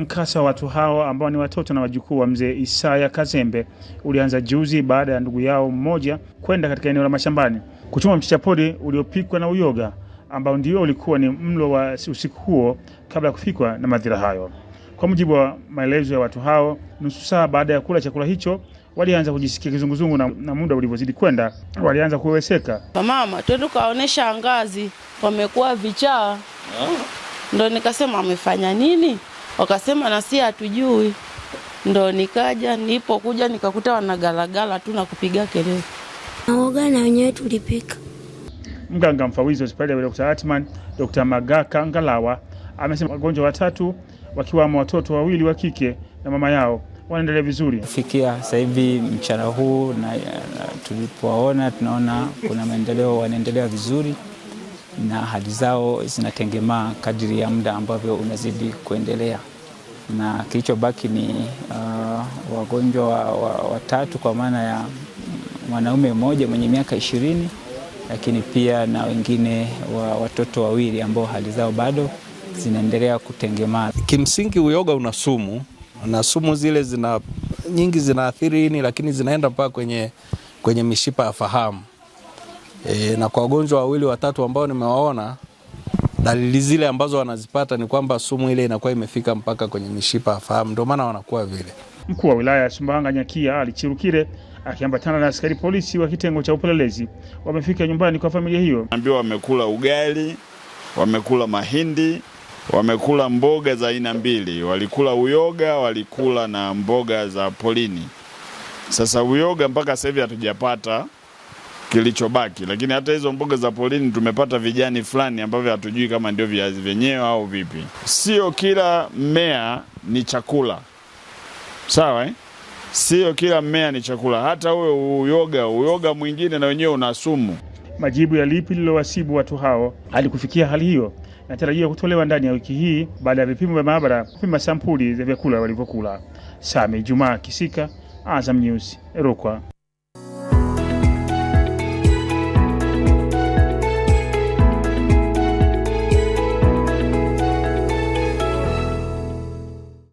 Mkasa wa watu hao ambao ni watoto na wajukuu wa mzee Isaya Kazembe ulianza juzi baada ya ndugu yao mmoja kwenda katika eneo la mashambani kuchoma mchichapori uliopikwa na uyoga ambao ndio ulikuwa ni mlo wa usiku huo kabla ya kufikwa na madhira hayo. Kwa mujibu wa maelezo ya watu hao, nusu saa baada ya kula chakula hicho walianza kujisikia kizunguzungu na, na muda ulivyozidi kwenda walianza kuweweseka. Mama, twende kaonesha ngazi, wamekuwa vichaa. Ndo nikasema amefanya nini? wakasema na si hatujui. Ndo nikaja, nipokuja nikakuta wanagalagala tu na kupiga kelele. Naoga na wenyewe tulipika. Mganga mfawizi hospitali ya Dr. Atman, Dr. Magaka Ngalawa amesema wagonjwa watatu wakiwamo watoto wawili wa kike na mama yao wanaendelea vizuri. Fikia sasa hivi mchana huu na, na tulipowaona tunaona kuna maendeleo, wanaendelea vizuri na hali zao zinatengemaa kadiri ya muda ambavyo unazidi kuendelea, na kilichobaki ni uh, wagonjwa watatu wa, wa kwa maana ya mwanaume mmoja mwenye miaka ishirini, lakini pia na wengine wa watoto wawili ambao hali zao bado zinaendelea kutengemaa. Kimsingi uyoga una sumu na sumu zile zina nyingi zinaathiri ini, lakini zinaenda mpaka kwenye, kwenye mishipa ya fahamu e, na kwa wagonjwa wawili watatu ambao nimewaona dalili zile ambazo wanazipata ni kwamba sumu ile inakuwa imefika mpaka kwenye mishipa ya fahamu, ndio maana wanakuwa vile. Mkuu wa wilaya ya Sumbawanga Nyakia Alichirukire akiambatana na askari polisi wa kitengo cha upelelezi wamefika nyumbani kwa familia hiyo. Ambiwa wamekula ugali, wamekula mahindi, wamekula mboga za aina mbili, walikula uyoga, walikula na mboga za polini. Sasa uyoga mpaka sasa hivi hatujapata kilichobaki, lakini hata hizo mboga za polini tumepata vijani fulani ambavyo hatujui kama ndio viazi vyenyewe au vipi. Sio kila mmea ni chakula, sawa eh? Sio kila mmea ni chakula, hata huyo uyoga, uyoga mwingine na wenyewe una sumu. Majibu ya lipi lilowasibu watu hao hadi kufikia hali hiyo natarajia kutolewa ndani ya wiki hii baada ya vipimo vya maabara kupima sampuli za vyakula walivyokula. Sami Jumaa Kisika, Azam News, Rukwa.